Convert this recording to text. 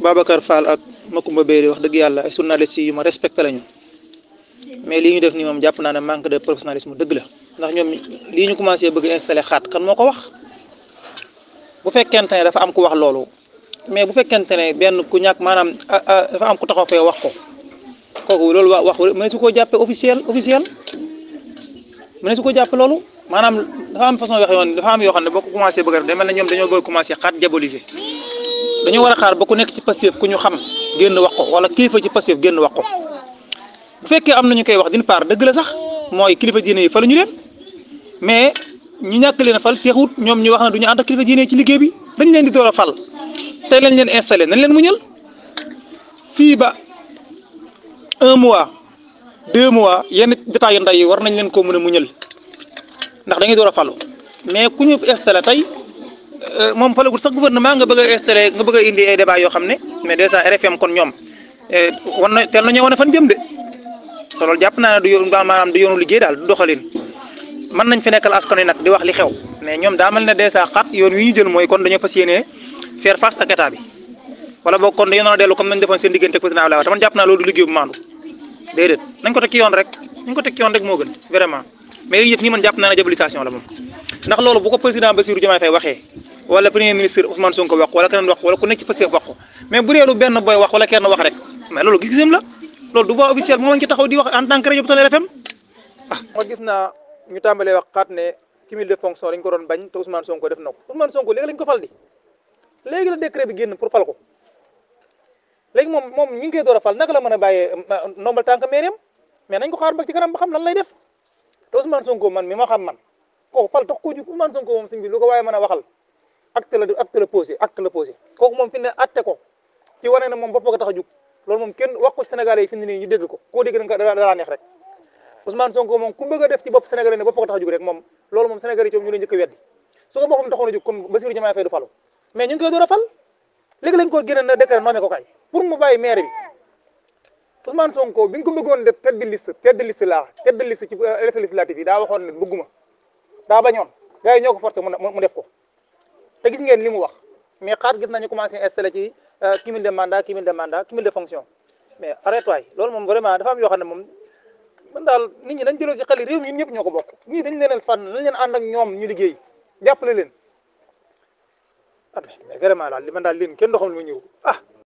Babacar Fall ak Makumba Béri wax dëgg yàlla ay journalistes yu ma respecté lañu mais li ñu def nii moom jàpp naa ne manque de professionnalisme dëgg la ndax ñoom lii ñu commencé bëgg installé xaat kan moo ko wax bu fekkente ne dafa am ku wax loolu mais bu fekkente ne benn ku ñàkk maanaam ah, ah, dafa am ku taxaw fee wax ko kooku loolu wa wax mëne su ko jàppee officiel officiel mëne su ko jàppee loolu maanaam dafa am façon yoo xam ne dafa ko commencé bëgg a def mel na ñoom dañoo bëgg commencé xaat diaboliser dañu war a xaar ba ku nekk ci Pastef ku ñu xam génn wax ko wala kilifa ci Pastef génn wax ko bu fekkee am na ñu koy wax d'une part dëgg la sax mooy kilifa diine yi ñu leen mais ñi ñàkk leen a fal teexut ñoom ñu wax na du ñu ànd ak kilifa diine yi ci liggéey bi dañ leen di door a fal tey lañ leen installé nañ leen muñal fii ba un mois deux mois yenn détails yu ndaw yi war nañ leen koo mën a muñal ndax dañuy door a falu mais ku ñu installé tey. Euh, moom falagut sax gouvernement nga bëgg a installé nga bëgg a indi ay débat yoo xam ne mais dèjà RFM kon ñoom euh, wan na teel wane fan jëm de loolu jàpp naa ne du di wax li xew mais ñoom daa mel ne dèjà xat yoon wi ñu jël mooy kon dañoo fas yéenee bi wala boog kon dañoo doon seen diggante ak président Abdoulaye Wade man jàpp naa loolu du liggéey bu maandu déedéet nañ ko teg ci yoon rek nañ ko teg ci yoon rek moo gën vraiment mais li nii man jàpp naa ne diabolisation la moom ndax loolu bu ko président Bassirou Diomaye Faye waxee wala premier ministre Ousmane Sonko wax ko wala keneen wax wala ku nekk ci Pastef wax mais bu dee lu benn boy wax wala kenn wax rek mais loolu gis-gisam la loolu du voix officielle moo ci taxaw di wax en tant que rajo bu Leral ah. ma gis na ñu tàmbalee wax xaat ne cumul de fonction dañ ko doon bañ te Ousmane Sonko def na ko Ousmane Sonko léegi lañ ko fal di léegi la décret bi génn pour fal ko léegi moom moom ñi ngi koy door a fal naka la mën a bàyyee euh, euh, ndombal tànk meereem mais nañ ko xaar ba ci kanam lay def te Ousmane man mi ma xam man kooku fal tax ko jug bi lu ko waaye mën a waxal acte la acte la posé acte moom fi ne atte ko ci wane na moom bopp ko tax a loolu moom kenn wax ko Sénégalais yi fi ne nii ñu ko koo dégg da neex rek Ousmane Sonko moom ku bëgg def ci bopp Sénégalais ne bopp ko tax a rek moom loolu moom Sénégalais yi ñu leen njëkk a weddi su ko boppam taxoon a jug kon Bassirou Diomaye Faye du falu mais ñu ngi koy a fal léegi lañ ko génne na décret nommé ko kay pour mu bàyyi maire bi Ousmane Sonko bi ñu ko bëggoon def euh, ko te gis ngeen li mu wax mais xaar gis nañu commencé installé ci euh, cumul de mandat cumul de mandat cumul de fonction mais arrête waay loolu moom vraiment dafa am yoo xam ne moom man daal nit ñi dañ jëloo si xel réew mi ñun ñëpp ñoo ko bokk ñii dañ leen fànn lañ leen ak ñoom ñu liggéey jàppale leen ah mais vraiment daal li man daal leen kenn doxam lu ma ñëw ah